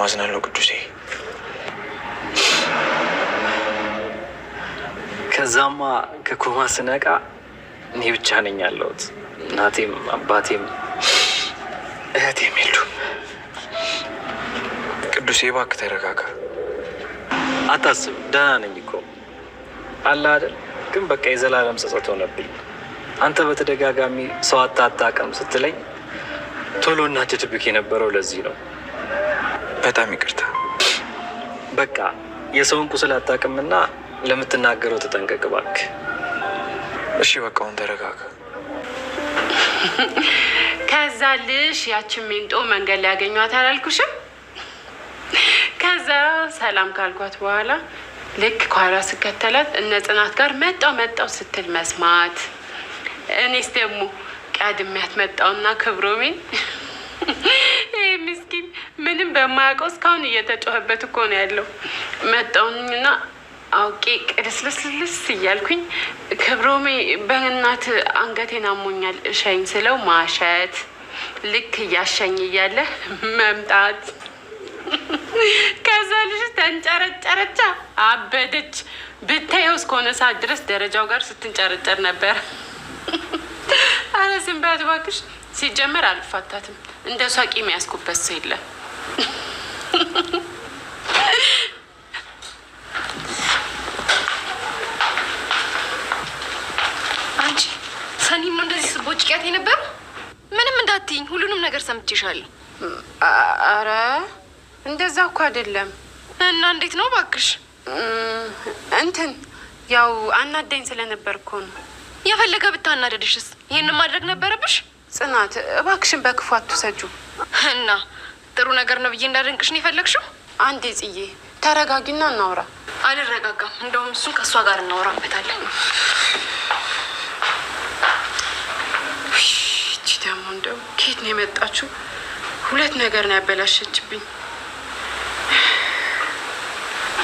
በጣም አዝናለሁ ቅዱሴ። ከዛማ ከኮማ ስነቃ እኔ ብቻ ነኝ ያለሁት። እናቴም አባቴም እህቴም የሉ። ቅዱሴ እባክህ ተረጋጋ። አታስብ፣ ደህና ነኝ እኮ አለ አይደል። ግን በቃ የዘላለም ጸጸት ሆነብኝ። አንተ በተደጋጋሚ ሰው አታጣቅም ስትለኝ ቶሎ እናድድብህ የነበረው ለዚህ ነው። በጣም ይቅርታ። በቃ የሰውን ቁስል አታውቅምና ለምትናገረው ተጠንቀቅ እባክህ። እሺ በቃ አሁን ተረጋጋ። ከዛ ልሽ ያችን ሚንጦ መንገድ ላይ ያገኟት አላልኩሽም? ከዛ ሰላም ካልኳት በኋላ ልክ ኳራ ስከተላት እነ ጽናት ጋር መጣው መጣው ስትል መስማት፣ እኔስ ደግሞ ቀድሚያት መጣውና ክብሮሜን ምንም በማያውቀው እስካሁን እየተጮኸበት እኮ ነው ያለው። መጣውኝና አውቄ ቅልስልስልስ እያልኩኝ ክብሮሜ በእናት አንገቴን አሞኛል እሸኝ ስለው ማሸት ልክ እያሸኝ እያለ መምጣት ከዛ ልጅ ተንጨረጨረቻ አበደች። ብታየው እስከሆነ ሰዓት ድረስ ደረጃው ጋር ስትንጨረጨር ነበር። አረ ዝም በያት እባክሽ። ሲጀመር አልፋታትም። እንደ ሷቂ የሚያስኩበት ሰው የለም። አንቺ ሰኒን ነው እንደዚህ ስቦች ቂያት የነበረው? ምንም እንዳትይኝ፣ ሁሉንም ነገር ሰምቼሻለሁ። አረ እንደዛ እኮ አይደለም። እና እንዴት ነው እባክሽ? እንትን ያው አናዳኝ ስለነበር እኮ ነው። የፈለገ ብታናደድሽስ ይህንን ማድረግ ነበረብሽ? ጽናት እባክሽን በክፉ አትውሰጂው እና ጥሩ ነገር ነው ብዬ እንዳደንቅሽ ነው የፈለግሽው? አንዴ ጽዬ ተረጋጊና እናውራ። አልረጋጋም። እንደውም እሱን ከእሷ ጋር እናውራበታለን። እቺ ደግሞ እንደው ኬት ነው የመጣችው? ሁለት ነገር ነው ያበላሸችብኝ።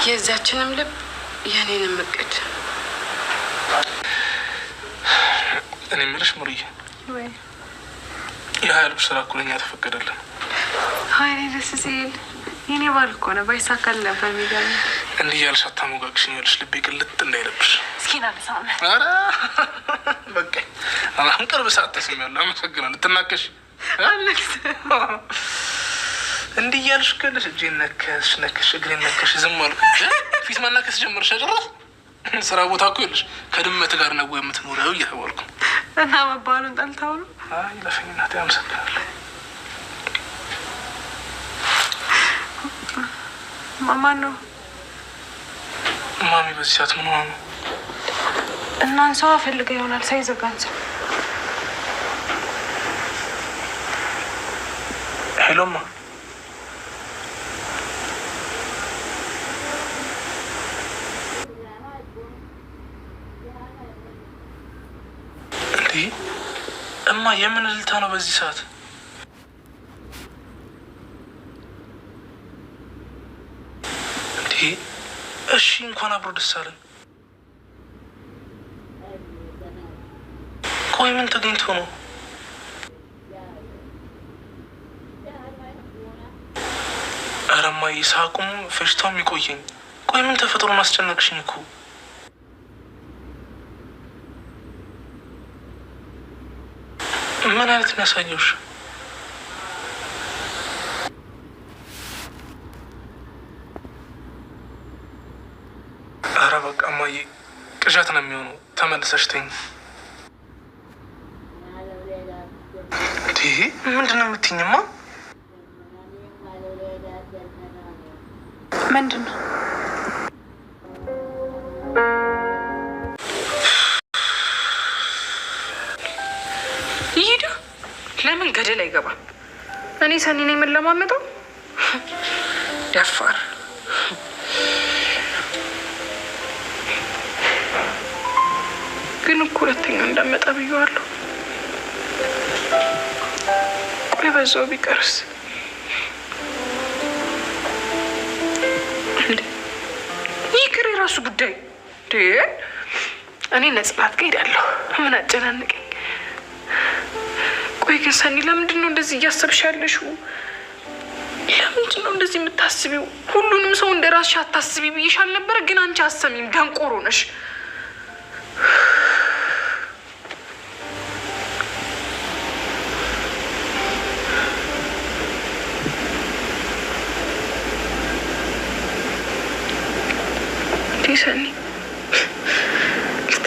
የዛችንም ልብ የእኔንም እቅድ። እኔ የምልሽ ሙርዬ፣ የሀያ ልብ ስራ እኮ ለኛ ተፈቀደልን ሀይኔ ደስ ሲል የኔ ባል እኮ ነው። ባይሳካል ነበር የሚገርም። እንዲህ እያልሽ አታሞጋግሽኝ ያለሽ ልቤ ቅልጥ እንዳይለብሽ ቅርብ ሰዓት ተስሚያለሁ። አመሰግናለሁ። ልትናከሽ እንዲህ እያልሽ ከልሽ እጄን ነከሽ ነከሽ እግሬን ነከሽ ዝም አልኩ። ፊት ማናከስ ጀመርሽ ጨረስ ስራ ቦታ እኮ ይኸውልሽ ከድመት ጋር ነው የምትኖሪው እየተባልኩ እና መባሉን ጠልታው ነው። አይ ለፈኝናት አመሰግናለሁ። ማማን ነው ማሚ? በዚህ ሰዓት ምን ሆኑ? እናን ሰው አፈልገ ይሆናል ሳይዘጋን ሰው ሄሎማ እማ የምን እልልታ ነው በዚህ ሰዓት? እሺ እንኳን አብሮ ደስ አለን። ቆይ ምን ተገኝቶ ነው? አረማ ሳቁም ፌሽታውም ይቆየኝ። ቆይ ምን ተፈጥሮ ማስጨነቅሽኝ እኮ ምን አይነት ነው ቅዠት ነው የሚሆነው። ተመልሰሽ ትኝ እንዲህ ምንድን ነው የምትይኝማ? ምንድን ነው ለምን ገደል አይገባም? እኔ ሰኒ ነኝ የምንለማመጠው ደፋር ግን እኮ ሁለተኛ እንዳመጣ ብየዋለሁ። ቆይ በዛው ቢቀርስ ይቅር፣ የራሱ ጉዳይ። እኔ ነጽናት ጋር ሄዳለሁ። ምን አጨናንቀኝ። ቆይ ግን ሰኒ፣ ለምንድን ነው እንደዚህ እያሰብሽ ያለሽው? ለምንድን ነው እንደዚህ የምታስቢው? ሁሉንም ሰው እንደ ራስሽ አታስቢ ብዬሽ አልነበረ? ግን አንቺ አሰሚም፣ ደንቆሮ ነሽ።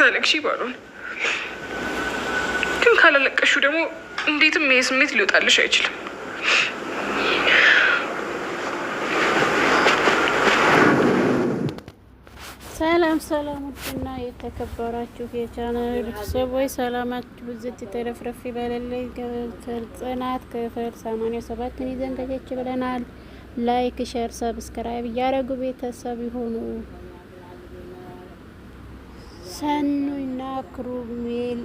እንዳለቅሽ ይባሉን። ግን ካላለቀሹ ደግሞ እንዴትም ይሄ ስሜት ሊወጣልሽ አይችልም። ሰላም ሰላም፣ ውድና የተከበራችሁ የቻናል ቤተሰቦች ሰላማችሁ ብዝት የተረፍረፍ ይበለልኝ። ጽናት ክፍል ሰማንያ ሰባትን ይዘን በጀች ብለናል። ላይክ፣ ሸር፣ ሰብስክራይብ እያደረጉ ቤተሰብ ይሆኑ። ሰኑና ክሩሜል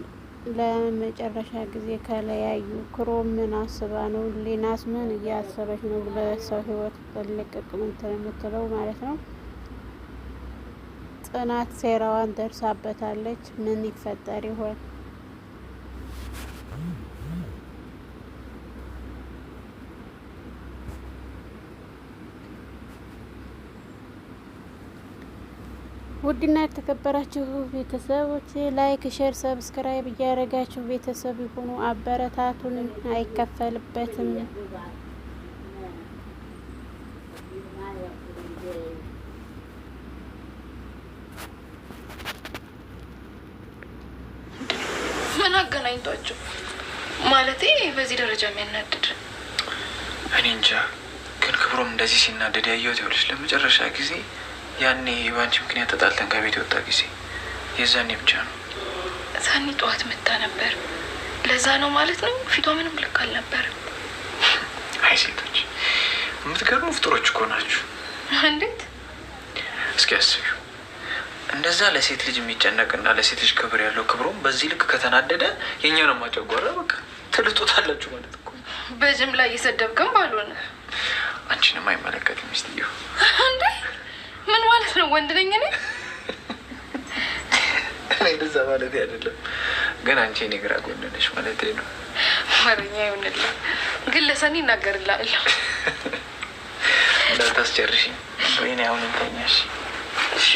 ለመጨረሻ ጊዜ ከለያዩ ክሮም ምን አስባ ነው? ሊናስ ምን እያሰበች ነው? ለሰው ህይወት ትልቅ ቅምንት የምትለው ማለት ነው። ጽናት ሴራዋን ደርሳበታለች። ምን ይፈጠር ይሆን? ውድና የተከበራችሁ ቤተሰቦች ላይክ፣ ሼር፣ ሰብስክራይብ እያደረጋችሁ ቤተሰብ ይሁኑ። አበረታቱን፣ አይከፈልበትም። ምን አገናኝቷቸው? ማለት በዚህ ደረጃ የሚያናድድ እኔ እንጃ። ግን ክብሮም እንደዚህ ሲናደድ ያየሁት ይኸውልሽ ለመጨረሻ ጊዜ ያኔ በአንቺ ምክንያት ተጣልተን ከቤት የወጣ ጊዜ የዛኔ ብቻ ነው። ዛኔ ጠዋት መታ ነበር። ለዛ ነው ማለት ነው። ፊቷ ምንም ልክ አልነበርም። አይ ሴቶች የምትገርሙ ፍጥሮች እኮ ናችሁ። እንዴት እስኪ ያስቢው እንደዛ ለሴት ልጅ የሚጨነቅና ለሴት ልጅ ክብር ያለው ክብሮም በዚህ ልክ ከተናደደ የኛ ነው ማጨጓራ በቃ ትልጦታላችሁ ማለት እኮ በጅምላ እየሰደብክም ባልሆነ አንቺንም አይመለከትም ሚስትየው ወንድ ነኝ እኔ? እኔ እንደዛ ማለት አይደለም፣ ግን አንቺ እኔ ግራ ጎን ነሽ ማለት ነው። አማርኛ ይሁንል ግን ለሰኒ እናገርልሃለሁ። እንዳታስጨርሽኝ። ወይኔ አሁን እንተኛሽ። እሺ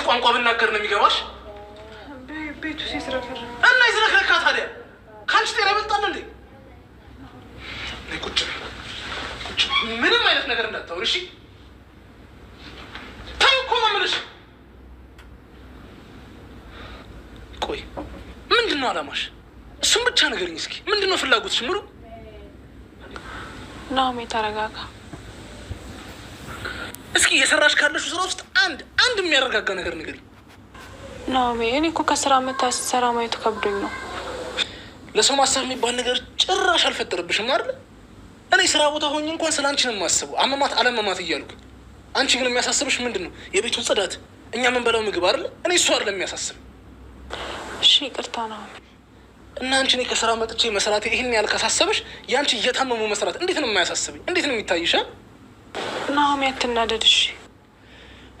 የቤት ቋንቋ ብናገር ነው የሚገባሽ? ቤቱ ሲስረፍር እና ይዝረክረካ። ታዲያ ከአንቺ ጤና ይበልጣል እንዴ? ቁጭ ምንም አይነት ነገር እንዳታወሪ እሺ? ተይው እኮ ነው የምልሽ። ቆይ ምንድን ነው አላማሽ? እሱም ብቻ ንገሪኝ እስኪ። ምንድን ነው ፍላጎትሽ? ሙሉ ናሜ፣ ተረጋጋ እስኪ። እየሰራሽ ካለሽው ስራ ውስጥ አንድ የሚያረጋጋ ነገር ንገሪኝ። ናሜ እኔ እኮ ከስራ መታ ስትሰራ ማየቱ ከብዶኝ ነው። ለሰው ማሰብ የሚባል ነገር ጭራሽ አልፈጠረብሽም አይደል? እኔ ስራ ቦታ ሆኜ እንኳን ስለ አንቺ ነው የማስበው፣ አመማት አለመማት እያልኩ። አንቺ ግን የሚያሳስብሽ ምንድን ነው? የቤቱን ጽዳት፣ እኛ የምንበላው ምግብ አይደል? እኔ እሱ አይደለም የሚያሳስብ። እሺ ይቅርታ ነው። እና አንቺ እኔ ከስራ መጥቼ መስራት ይህን ያህል ካሳሰበሽ የአንቺ እየታመሙ መስራት እንዴት ነው የማያሳስብኝ? እንዴት ነው የሚታይሻል? ናሜ አትናደድ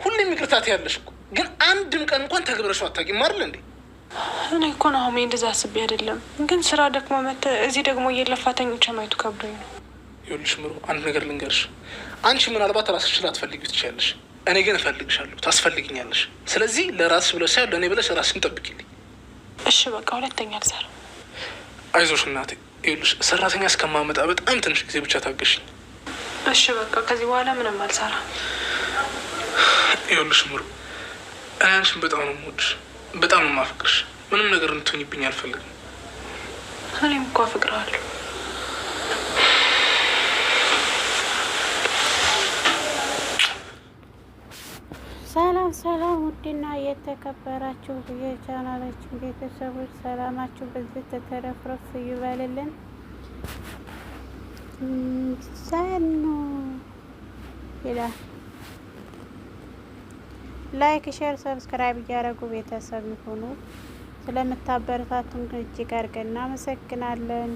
ሁሌም ይቅርታት ያለሽ እኮ ግን አንድም ቀን እንኳን ተግብረሽው አታውቂም አይደል እንዴ? እኔ እኮ ናሆሜ እንደዛ አስቤ አይደለም፣ ግን ስራ ደክሞ መተ እዚህ ደግሞ እየለፋ ተኝቼ ማየቱ ከብዶኝ ነው። ይኸውልሽ ምሮ አንድ ነገር ልንገርሽ። አንቺ ምናልባት ራስሽን ላትፈልጊው ትችያለሽ፣ እኔ ግን እፈልግሻለሁ፣ ታስፈልግኛለሽ። ስለዚህ ለራስሽ ብለሽ ሳይሆን ለእኔ ብለሽ ራስሽን ጠብቂልኝ። እሺ በቃ ሁለተኛ አልሰራ። አይዞሽ እናቴ። ይኸውልሽ ሰራተኛ እስከማመጣ በጣም ትንሽ ጊዜ ብቻ ታገሽኝ እሺ? በቃ ከዚህ በኋላ ምንም አልሰራ ይኸውልሽ ምሩ፣ እኔ አንቺን በጣም ነው የምወድሽ፣ በጣም ነው የማፈቅርሽ። ምንም ነገር እንትሆኝብኝ አልፈልግም። እኔም እኮ አፈቅርሃለሁ። ሰላም ሰላም፣ ውድና የተከበራችሁ የቻናላችን ቤተሰቦች ሰላማችሁ በዚህ ተተረፍረፍ ይበልልን። ሰኑ ይላል ላይክ፣ ሼር፣ ሰብስክራይብ እያደረጉ ቤተሰብ ይሁኑ። ስለምታበረታቱን እጅግ አድርገን እናመሰግናለን።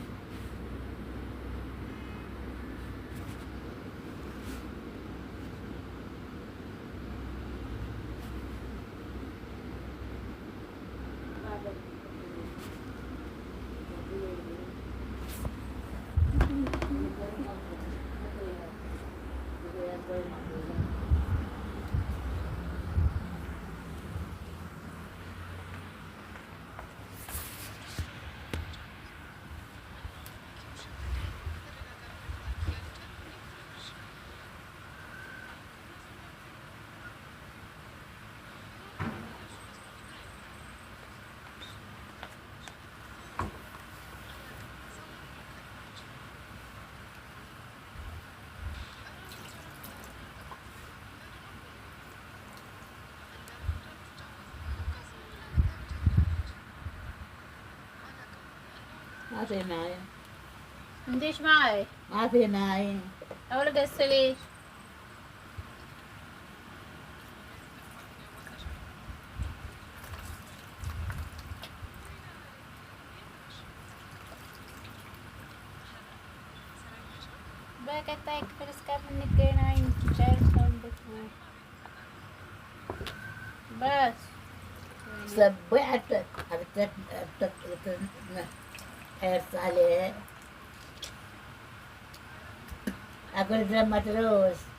Masinai. Hindi siya Masinai. Awala desili. Bakit tayo kapag ka manikay na yung child sound before? Bas. Sabi at at at at at at at साले अगर मत रोज